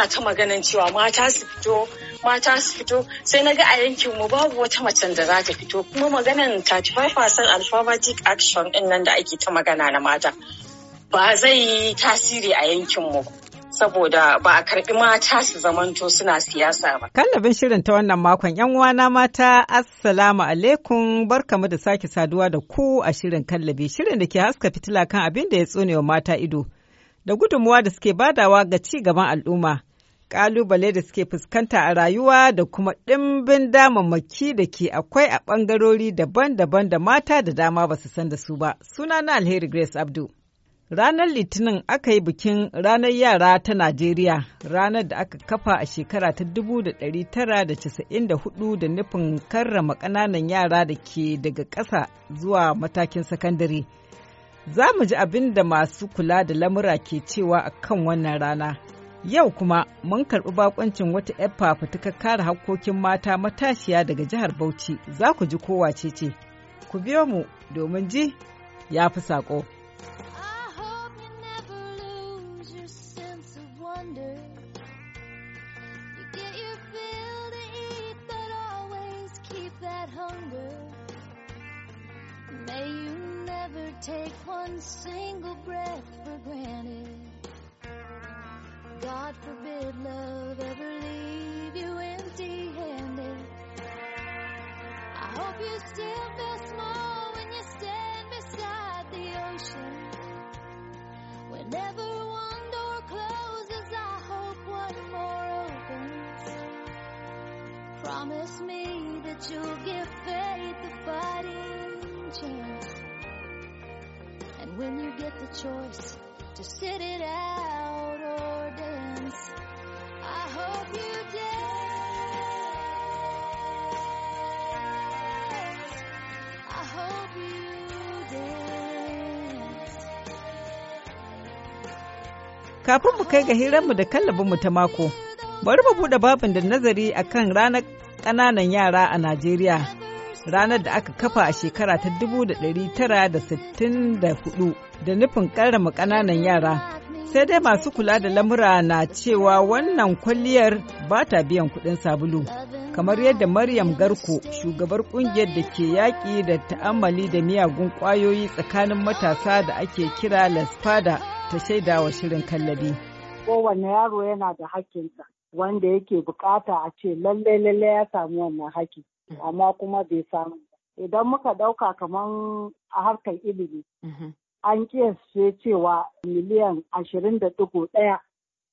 ana ta maganan cewa mata su fito mata su fito sai na ga a yankin mu babu wata macen da za ta fito kuma maganan 35% alphabetic action din nan da ake ta magana na mata ba zai yi tasiri a yankin mu saboda ba a karbi mata su zamanto suna siyasa ba. Kallabin shirin ta wannan makon yan uwana mata assalamu alaikum barkamu da sake saduwa da ku a shirin kallabi shirin da ke haska fitila kan abin da ya tsonewa mata ido da gudunmuwa da suke badawa ga ci gaban al'umma. kalubale da suke fuskanta a rayuwa da kuma ɗimbin damammaki da ke akwai a ɓangarori daban-daban da mata da dama ba su san da su ba. Suna na Alheri Grace Abdu. Ranar Litinin aka yi bikin Ranar Yara ta Najeriya, ranar da aka kafa a shekara ta 1994 da nufin karrama ƙananan yara da ke daga ƙasa zuwa matakin sakandare. Za mu ji abin da masu kula da lamura ke cewa a kan wannan rana. Yau kuma mun karɓi bakoncin wata 'yar ka kare hakkokin mata matashiya daga jihar Bauchi za ku ji kowa ce ce. Ku biyo mu domin ji ya fi saƙo. Take one single breath for granted. God forbid love ever leave you empty handed. I hope you still feel small when you stand beside the ocean. Whenever one door closes, I hope one more opens. Promise me that you'll give faith a fighting chance. And when you get the choice to sit it out, Kafin mu kai ga hiranmu da mu ta mako, bari mu buɗe babin da nazari a kan ranar ƙananan yara a Najeriya. ranar da aka kafa a shekara ta 1964 da nufin ƙarama ƙananan yara sai dai masu kula da lamura na cewa wannan kwalliyar ba ta biyan kuɗin sabulu kamar yadda maryam garko shugabar kungiyar da ke yaƙi da ta'ammali da miyagun ƙwayoyi tsakanin matasa da ake kira lasfada ta shaida wa shirin kallabi kowane yaro yana da hakkinsa wanda yake bukata a ce lalle lalle ya samu wannan haki amma kuma bai samu idan muka ɗauka kamar a harkar ilimi mm-hmm. an kiyasce cewa miliyan ashirin da ɗaya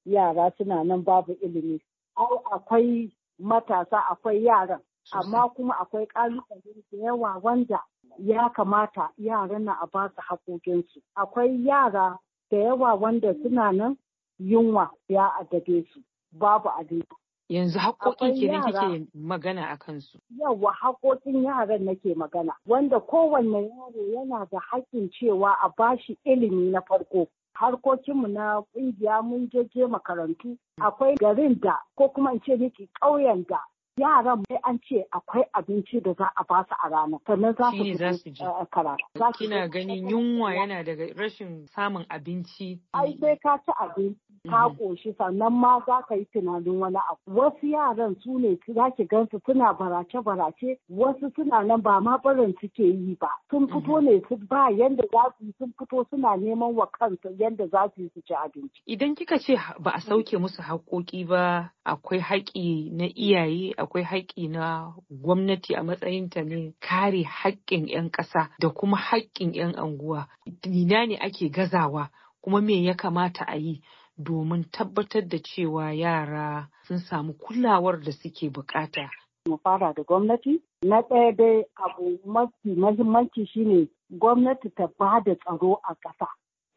yara suna nan babu ilimi. Au akwai matasa akwai yaran, amma kuma akwai ƙalubale da yawa wanda ya kamata yaran na a ba su haƙoƙinsu. Akwai yara da yawa wanda suna nan yunwa ya adabe su babu abinci. Yanzu haƙoƙin ne kike magana a kansu. Yawwa haƙoƙin yaran nake magana wanda kowanne yaro yana da haƙƙin cewa a bashi ilimi na farko. harkokinmu na ƙungiya mun je makarantu akwai garin da ko kuma in ce miki ƙauyen da yaran mai an ce akwai abinci da za a ba su a rana sannan za su ji eh, karatu. Kina ganin yunwa yana daga rashin samun abinci. Ai sai ka ci abinci ka mhm. ƙoshi sannan ma za ka yi tunanin wani abu. Wasu yaran su ne za ki gansu suna barace-barace wasu suna nan ba ma barin suke yi ba. Sun mhm. fito ne su ba yanda za su sun fito suna neman wa kansu yanda za su yi su ci abinci. Idan kika ce ba a sauke musu haƙoƙi ba akwai haƙi na iyaye akwai haƙƙi na gwamnati a matsayin ta ne kare haƙƙin 'yan ƙasa da kuma haƙƙin 'yan anguwa. Ina ne ake gazawa kuma me ya kamata a yi domin tabbatar da cewa yara sun samu kulawar da suke bukata. Mu fara da gwamnati. Na ɗaya dai abu mafi mahimmanci shine gwamnati ta ba da tsaro a ƙasa.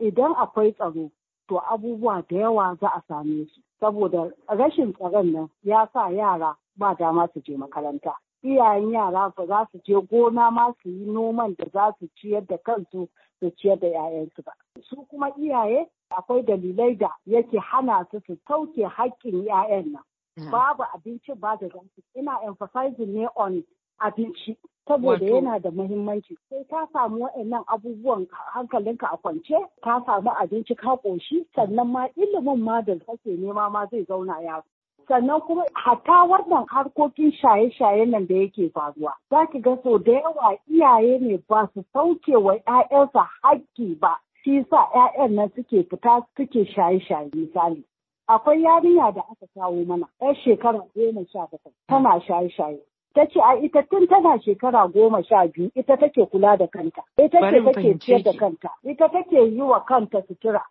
Idan akwai tsaro, to abubuwa da yawa za a same su. Saboda rashin tsaron nan ya sa yara ba dama su je makaranta iyayen yara ba za su je gona ma su yi noman da za su ciyar da kansu su ciyar da 'ya'yansu ba su kuma iyaye akwai dalilai da yake hana su su sauke haƙƙin 'ya'yan nan mm. babu abincin ba da ina emphasizing ne on abinci saboda yana da muhimmanci sai ta samu waɗannan abubuwan hankalinka a kwance ta samu abinci ka ƙoshi sannan ma ilimin ma da kake nema ma zai zauna ya sannan kuma hatta wannan harkokin shaye-shaye nan da yake faruwa za ki ga sau da yawa iyaye ne ba su sauke wa 'ya'yansa haƙƙi ba shi sa 'ya'yan nan suke fita suke shaye-shaye misali akwai yarinya da aka kawo mana 'yar shekara goma sha takwas tana shaye-shaye ta ce a ita tun tana shekara goma sha biyu ita take kula da kanta ita ce take ciyar da kanta ita take yi wa kanta sutura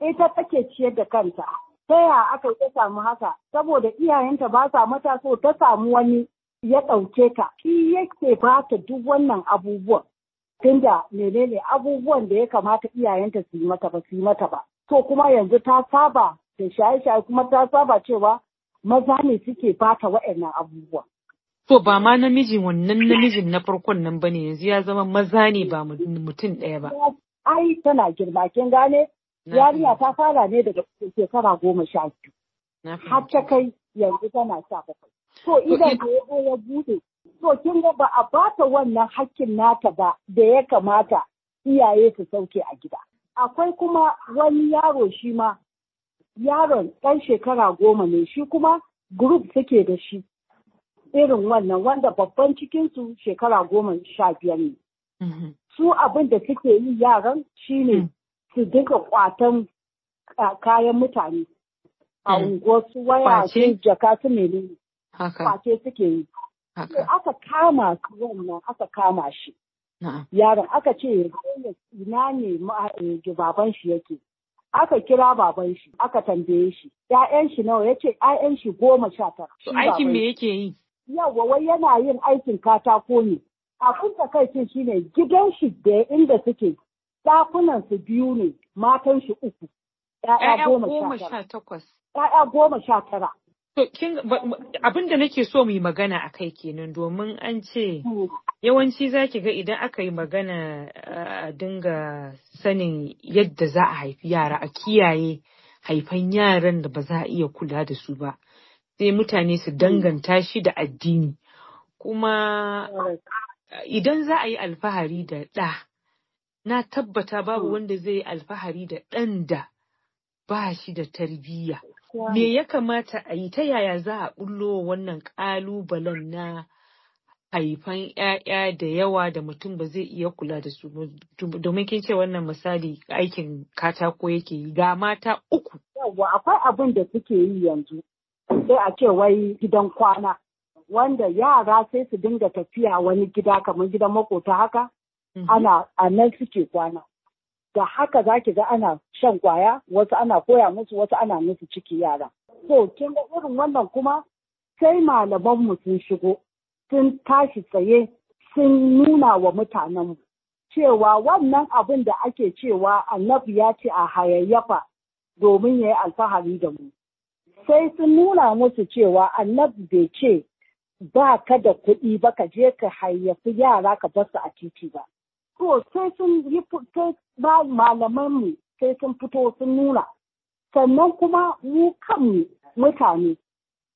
ita take ciyar da kanta ta ya aka ta samu haka saboda iyayenta ba sa mata so ta samu wani ya ɗauke ta shi yake ba ta duk wannan abubuwan tunda menene abubuwan da ya kamata iyayenta su yi mata ba su yi mata ba to kuma yanzu ta saba da shaye-shaye kuma ta saba cewa maza ne suke bata wa'annan abubuwan? To ba ma namiji wannan namijin na farkon nan bane yanzu ya zama maza ne ba mutum ɗaya ba. Ai tana girma kin gane yariya ta fara ne daga shekara goma sha biyu. Har ta kai yanzu tana sha bakwai. To idan da ya zo ya bude. To kin ga ba a bata wannan hakkin nata ba da ya kamata iyaye su sauke a gida. Akwai kuma wani yaro shi ma yaron ɗan shekara goma ne shi kuma group suke da shi irin wannan wanda babban cikinsu shekara goma sha biyar ne. Mm-hmm. Su abin da suke yi yaran shine mm. su duka kwatan kayan mutane a hmm. unguwarsu waya su jaka su menene kwace suke yi aka kama wannan aka kama shi yaron aka ce ina ne eh, baban shi yake aka kira baban shi aka tambaye shi ‘ya'yan shi nawa ya ce ‘ya'yan shi goma sha tara. aikin me yake yi? Yawwa wai yana yin aikin katako ne. Abin da kai shi ne gidan shi da inda suke Ɗakunan su biyu ne, matan shi uku. ‘Ya'ya goma sha takwas. ‘Ya'ya goma sha tara. To, abin da nake so mu yi magana a kai kenan domin an ce hmm. yawanci za ki ga idan aka yi magana a dinga sanin yadda za a haifi yara a kiyaye haifan yaran da ba za a iya kula da su ba. Sai mutane su danganta shi da addini. Kuma idan za a yi alfahari da ɗa na tabbata babu hmm. wanda zai alfahari da ɗan da ba shi da tarbiyya. Me ya kamata a yi ta yaya za a ɓullo wannan ƙalubalen na haifan ‘ya'ya da yawa da mutum ba zai iya kula da su domin kin ce wannan misali aikin katako yake yi ga mata uku. Yawwa akwai abin da suke yi yanzu sai a ce wai gidan kwana wanda yara sai su dinga tafiya wani gida kamar gidan makota haka Mm-hmm. ana a nan suke kwana da haka za ki ga ana shan kwaya wasu ana koya musu wasu ana musu ciki yara so kin ga irin wannan kuma sai malamanmu sun shigo sun tashi tsaye sun nuna wa mutanenmu cewa wannan abin da ake cewa annabi ya ce a hayayyafa domin ya yi alfahari da mu sai sun nuna musu cewa annabi bai ce ba ka da kuɗi ba ka je ka hayyafi yara ka basu a titi ba to sai sun yi sai ba malaman mu sai sun fito sun nuna sannan kuma mu kan mutane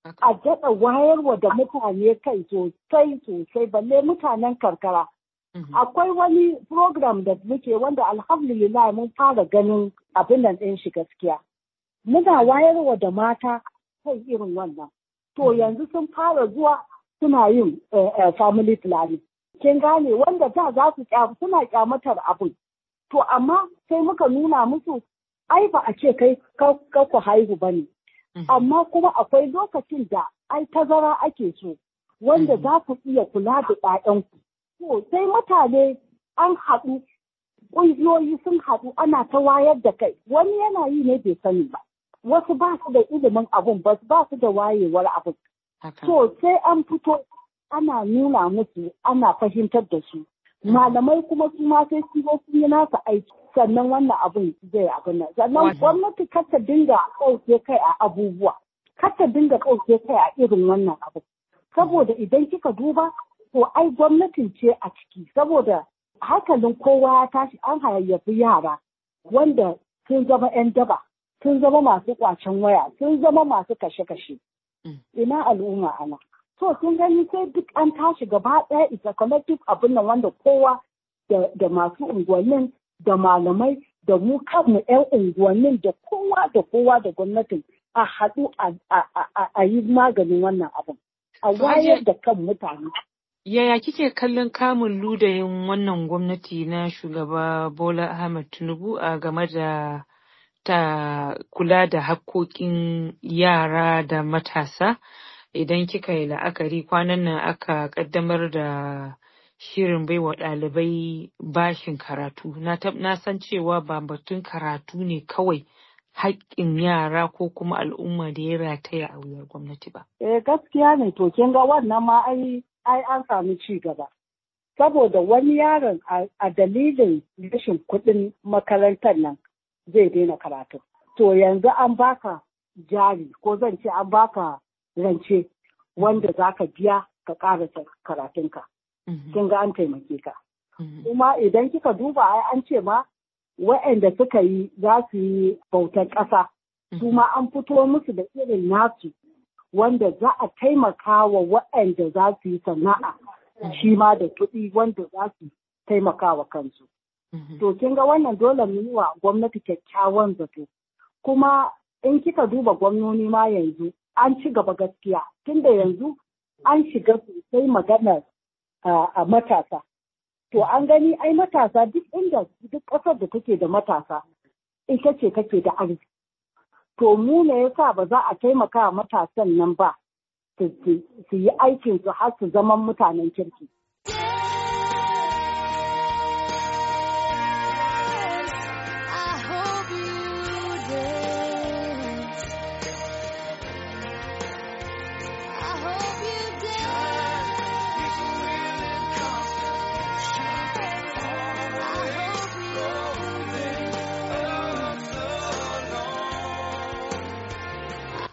a daɗa wayarwa da mutane kai sosai sosai balle mutanen karkara mm-hmm. akwai wani program da muke wanda alhamdulillah mun fara ganin abin nan ɗin shi gaskiya muna wayarwa da mata kai irin wannan to mm-hmm. yanzu sun fara zuwa suna yin eh, eh, family planning Kin gane wanda da za su suna kyamatar abin. To amma sai muka nuna musu ai ba a ce kai ka ku haihu ba ne. Mm-hmm. Amma kuma akwai lokacin da ai tazara ake so wanda mm-hmm. za ku iya kula da ƴaƴanku. To sai mutane an haɗu ƙungiyoyi sun haɗu ana ta wayar da kai wani yana yi ne bai sani ba. Wasu ba su da ilimin abun ba ba su da wayewar abun. To sai an fito ana nuna musu ana fahimtar da su malamai kuma su ma sai su sun yi nasa aiki sannan wannan abin zai abu nan sannan gwamnati kata dinga kauce kai a abubuwa kata dinga kauce kai a irin wannan abu saboda idan kika duba ko ai gwamnatin ce a ciki saboda hankalin kowa ya tashi an hayayyafi yara wanda sun zama 'yan daba sun zama masu kwacen waya sun zama masu kashe-kashe mm. ina al'umma ana So sun gani sai duk an tashi gaba ɗaya is a collective abin nan wanda kowa da masu unguwannin da malamai da mu kanmu 'yan unguwannin da kowa da kowa da gwamnatin a haɗu a yi maganin wannan abin. A wayar da kan mutane. Yaya kike kallon kamun ludayin wannan gwamnati na shugaba Bola Ahmed Tinubu a game da ta kula da hakkokin yara da matasa idan kika yi la'akari kwanan nan aka kaddamar da shirin baiwa ɗalibai bashin karatu na san cewa ba batun karatu ne kawai haƙƙin yara ko kuma al'umma da ya rataya a wuyar gwamnati ba. Eh gaskiya ne to kin ga wannan ma ai an samu ci gaba. Saboda wani yaron a dalilin rashin kuɗin makarantar nan zai daina karatu. To yanzu an baka jari ko zan ce an baka rance wanda za ka biya ka karasa karatunka. Mm-hmm. Kin ga an taimake ka. Mm-hmm. Kuma idan kika duba ai an ce ma waɗanda suka yi za su yi bautar ƙasa. Su mm-hmm. an fito musu da irin nasu wanda za a taimaka wa waɗanda za su yi sana'a shi ma da kuɗi wanda za su taimaka wa kansu. To kin ga wannan dole mu yi wa gwamnati kyakkyawan zato. Kuma in kika duba gwamnoni ma yanzu an ci gaba gaskiya tunda yanzu an shiga sosai maganar ah, a matasa to an gani ai matasa duk inda duk ƙasar da take da matasa ita ce take da arziki to mu ne yasa ba za a taimaka matasan nan ba su yi aikin su har su zaman mutanen kirki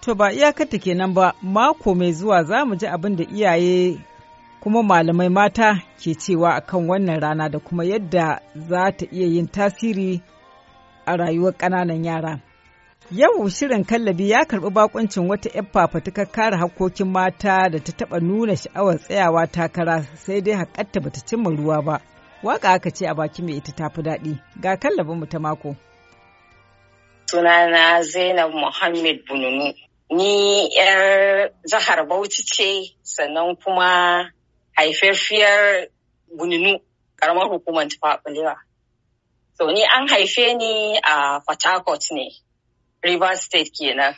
To ba iyakarta kenan ba, mako mai zuwa za mu ji abin da iyaye kuma malamai mata ke cewa akan wannan rana da kuma yadda za ta iya yin tasiri a rayuwar ƙananan yara. Yau shirin kallabi ya karɓi bakuncin wata 'yar fafatukar kare hakkokin mata da ta taɓa nuna sha'awar tsayawa takara sai dai haƙatta bata cimma ruwa ba. waƙa aka ce a baki mai ita ta fi daɗi ga kallabin mu ta mako. Sunana Zainab Muhammad Bununu. Ni 'yar jihar Bauchi ce sannan kuma haifafiyar guninu karamar hukumar tufafilewa. So ni an haife ni a Fatakot ne, River State kenan.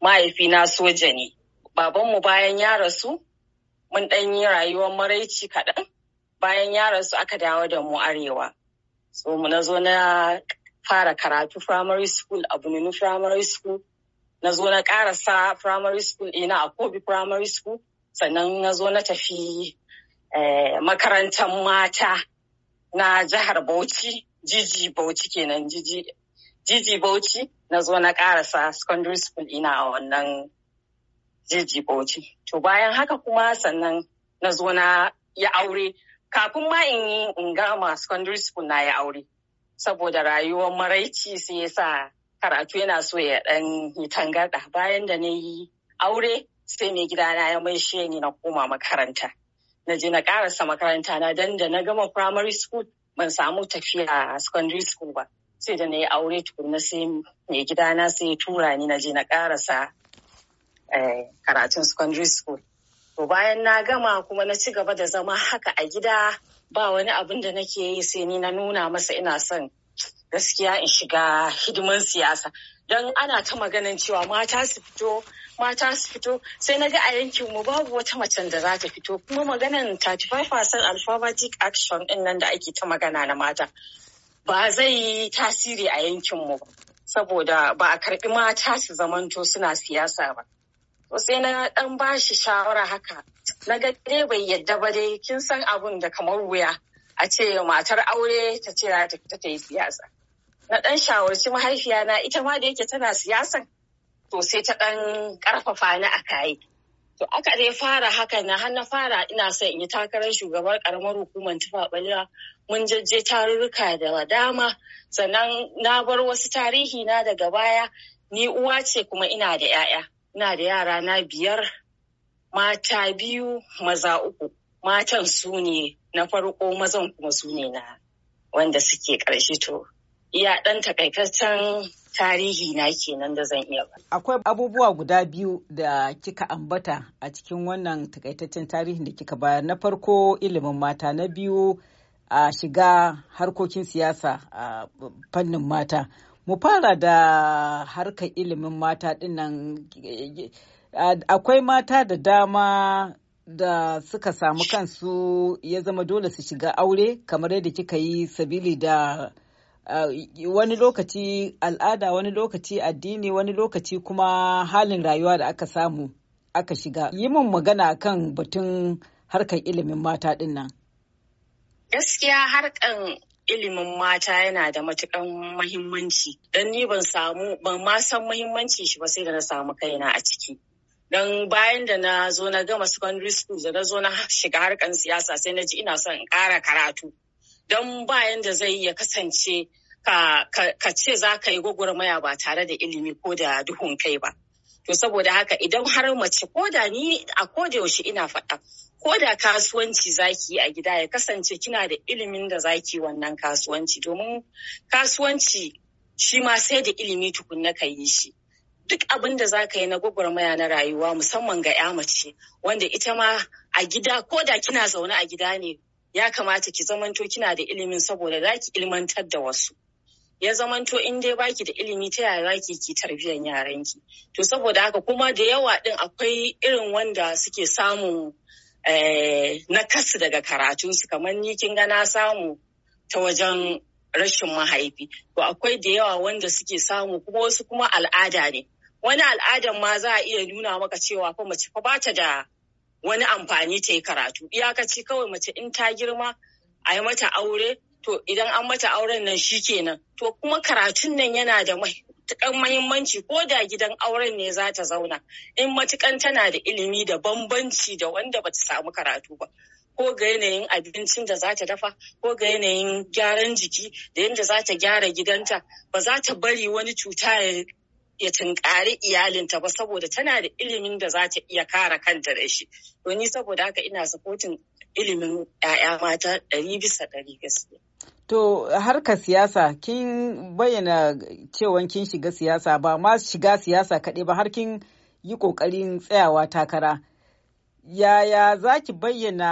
na soja ne. Babanmu bayan ya rasu, mun ɗan yi rayuwar maraici kaɗan. Bayan ya rasu aka dawo da mu arewa. So mu na zo na fara karatu primary school a Buninu primary school. na zo na karasa primary school ina a kobi primary school sannan na zo na tafi eh, makarantar mata na jihar bauchi jiji bauchi kenan jiji bauchi na zo na karasa secondary school ina a wannan jiji bauchi to bayan haka kuma sannan na zo na ya aure kafin ma in yi in gama secondary school na ya aure saboda rayuwar maraici sai ya sa karatu yana so ya ɗan yi tangarɗa bayan da na yi aure sai mai gidana ya maishe ni na koma makaranta na je na karasa makaranta na dan da na gama primary school ban samu tafiya a secondary school ba sai da na yi aure tukuna sai mai gidana sai ya tura ni na je na karasa eh, karatun secondary school to bayan na gama kuma na ci gaba da zama haka a gida ba wani abin da nake yi sai ni na nuna masa ina son gaskiya in shiga hidiman siyasa don ana ta maganan cewa mata su fito mata su fito sai na ga a yankin mu babu wata macen da za ta fito kuma maganan 35% alphabetic action din nan da ake ta magana na mata ba zai yi tasiri a yankin mu saboda ba a karbi mata su zamanto suna siyasa ba to sai na dan bashi shawara haka na ga dai bai yadda ba dai kin san abun da kamar wuya a ce matar aure ta ce ta fita ta yi siyasa na ɗan shawarci mahaifiya na ita ma da yake tana siyasan to sai ta ɗan ƙarfafa ni a kayi to aka dai fara haka na har na fara ina son in yi takarar shugabar ƙaramar hukumar tufa ɓalla mun jajje tarurruka da dama sannan na bar wasu tarihi na daga baya ni uwa ce kuma ina da 'ya'ya ina da yara na biyar mata biyu maza uku matan su ne na farko mazan kuma su ne na wanda suke ƙarshe to iya ɗan takaitaccen tarihi na kenan da zan iya ba. Akwai abubuwa guda biyu da kika ambata a cikin wannan takaitaccen tarihin da kika bayar na farko ilimin mata na biyu a shiga harkokin siyasa a fannin mata. Mu fara da harkar ilimin mata dinnan akwai mata da dama da suka samu kansu ya zama dole su shiga aure kamar yadda kika yi sabili da eh, wani lokaci al'ada wani lokaci addini wani lokaci kuma halin rayuwa da aka samu aka shiga yi mun magana kan batun harkar ilimin mata din nan gaskiya harkan ilimin mata yana da matukan mahimmanci don ni ban samu ban ma san muhimmanci shi ba sai da na samu kaina a ciki don bayan da na zo na gama secondary school da na zo na shiga harkan siyasa sai na ji ina son in ƙara karatu don bayan da zai iya kasance ka ce za ka yi gwagwarmaya ba tare da ilimi ko da duhun kai ba to saboda haka idan har mace ko da ni a koda yaushe ina faɗa ko da kasuwanci zaki yi a gida ya kasance kina da ilimin da zaki wannan kasuwanci domin kasuwanci shi ma sai da ilimi tukunna ka yi shi duk abin da za ka yi na gwagwarmaya na rayuwa musamman ga ya mace wanda ita ma a gida ko da kina zaune a gida ne ya kamata ki zamanto kina da ilimin saboda za ki ilmantar da wasu ya zamanto in dai baki da ilimi ta yaya zaki ki tarbiyyar yaranki to saboda haka kuma da yawa din akwai irin wanda suke samu eh, na kasu daga karatunsu kamar ni kin ga na samu ta wajen rashin mahaifi to akwai da yawa wanda suke samu kuma wasu kuma al'ada ne wani al'adar ma za a iya nuna maka cewa fa mace fa bata da wani amfani ta yi karatu iyakaci kawai mace in ta girma a yi mata aure to idan an mata auren nan shi kenan to kuma karatun nan yana da matukan mahimmanci ko da gidan auren ne za ta zauna in matukan tana da ilimi da bambanci da wanda bata samu karatu ba ko ga yanayin abincin da za ta dafa ko ga yanayin gyaran jiki da yadda za ta gyara gidanta ba za ta bari wani cuta ya ya tunkari iyalinta ba saboda tana da ilimin da za ta iya kare kanta da shi. To ni saboda haka ina sapotin ilimin 'ya'ya mata ɗari bisa ɗari gaskiya. To harka siyasa kin bayyana cewa kin shiga siyasa ba ma shiga siyasa kaɗai ba har kin yi ƙoƙarin tsayawa takara. Yaya za ki bayyana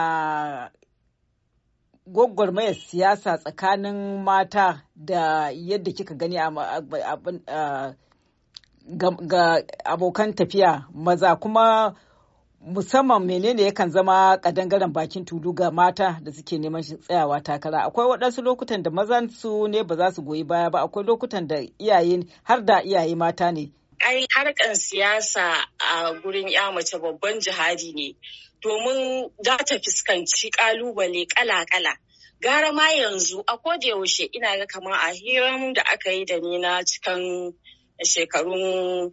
gwagwarmayar siyasa tsakanin mata da yadda kika gani a ga abokan tafiya maza kuma musamman menene yakan zama kadangaren bakin tudu ga mata da suke neman tsayawa takara akwai waɗansu lokutan da mazan su ne ba za su goyi baya ba akwai lokutan da iyayen har da iyaye mata ne ai harkan siyasa a gurin ya mace babban jihadi ne domin za ta fuskanci kalubale kala-kala gara ma yanzu a da yaushe ina ga kamar a hiran da aka yi da ni na cikan A shekarun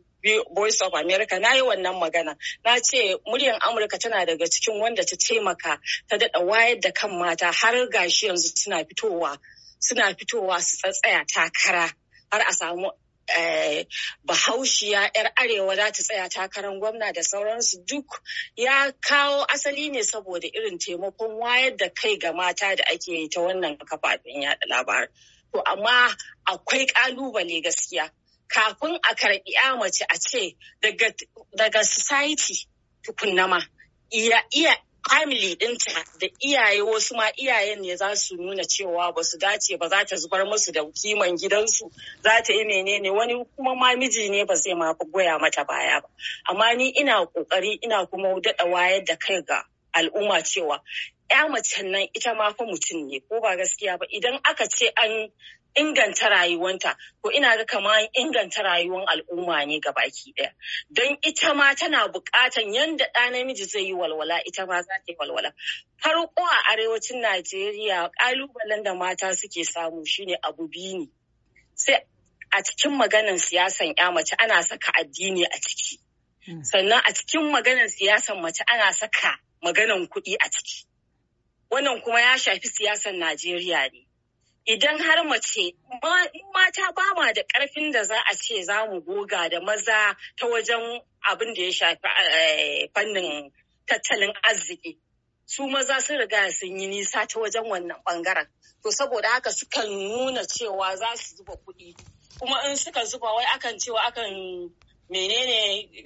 Voice of America na yi wannan magana na ce muryan Amurka tana daga cikin wanda ta taimaka ta daɗa wayar da kan mata har gashi yanzu suna fitowa suna fitowa su tsatsaya takara har a samu eh, bahaushiya 'yar arewa za ta tsaya takarar gwamna da sauransu duk ya kawo asali ne saboda irin taimakon wayar da kai ga mata da ake yi ta wannan kafafen yada labarai. To amma akwai kalubale gaskiya kafin a karɓi ya mace a ce daga society tukunna ma iya iya family dinta da iyaye wasu ma iyayen ne za su nuna cewa ba su dace ba za ta zubar musu da kiman gidansu za ta yi menene wani kuma ma miji ne ba zai ma goya mata baya ba amma ni ina kokari ina kuma daɗa wayar da kai ga al'umma cewa ya macen nan ita ma fa mutum ne ko ba gaskiya ba idan aka ce an inganta rayuwanta ko ina ga kama inganta rayuwar al'umma ne ga baki ɗaya don ita ma tana buƙatan yadda ɗa namiji zai yi walwala ita ma za ta yi walwala farko a arewacin najeriya ƙalubalen da mata suke samu shine abu biyu ne sai a cikin maganan siyasan ya mace ana saka addini a ciki hmm. sannan a cikin maganan siyasan mace ana saka maganan kuɗi a ciki wannan kuma ya shafi siyasan najeriya ne idan har mace mata ba ma da karfin da za a ce za mu goga da maza ta wajen abin da ya shafi eh, fannin tattalin arziki su maza sun riga sun yi nisa ta wajen wannan bangaren to saboda haka sukan nuna cewa za su zuba kuɗi kuma in suka zuba wai akan cewa akan menene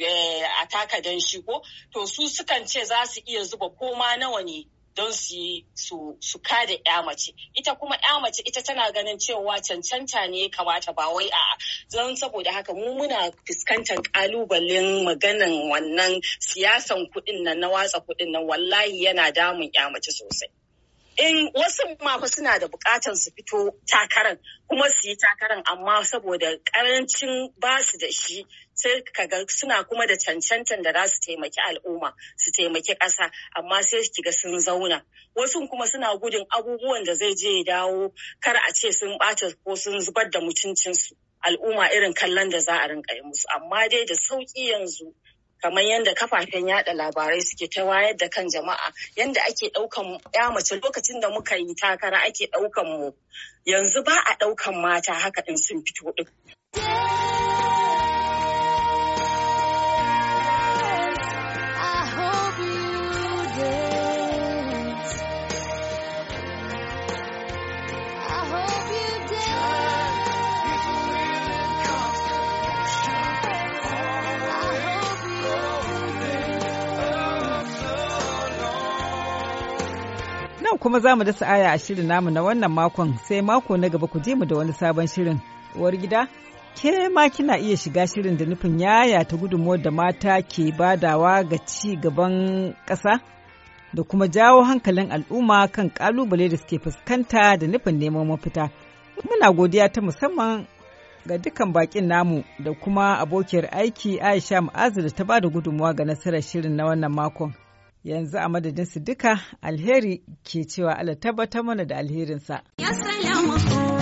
eh, a taka dan shi ko to su sukan ce za su iya zuba koma nawa ne don su yi su kada ya mace ita kuma ya mace ita tana ganin cewa cancanta ne ya kamata ba wai a zan saboda haka mu muna fuskantar kalubalen maganan wannan siyasan kuɗin nan na watsa kuɗin nan wallahi yana damun ya mace sosai in wasu mafa suna da bukatar su fito takaran kuma su yi takaran amma saboda karancin basu da shi sai kaga suna kuma da cancantan da za su taimaki al'umma su taimaki ƙasa amma sai kiga sun zauna wasu kuma suna gudun abubuwan da zai je dawo kar a ce sun ɓata ko sun zubar da mutuncinsu al'umma irin kallon da za a rinka yi musu amma dai da sauƙi yanzu kamar yadda kafafen yada labarai suke ta wayar da kan jama'a yadda ake daukan ya mace lokacin da muka yi takara ake daukan mu yanzu ba a daukan mata haka in sun fito din. kuma za mu da sa'aya a shirin namu na wannan makon sai mako na gaba ku je mu da wani sabon shirin. Uwar gida, ke ma kina iya shiga shirin da nufin yaya ta gudunmuwar da mata ke badawa ga ci gaban ƙasa da kuma jawo hankalin al'umma kan ƙalubale da suke fuskanta da nufin neman mafita. Muna godiya ta musamman ga dukkan bakin namu da kuma abokiyar aiki Aisha Ma'azu da ta bada gudunmuwa ga nasarar shirin na wannan makon. yanzu a madadinsu duka alheri ke cewa Allah tabbatar mana da alherinsa. Ya salamu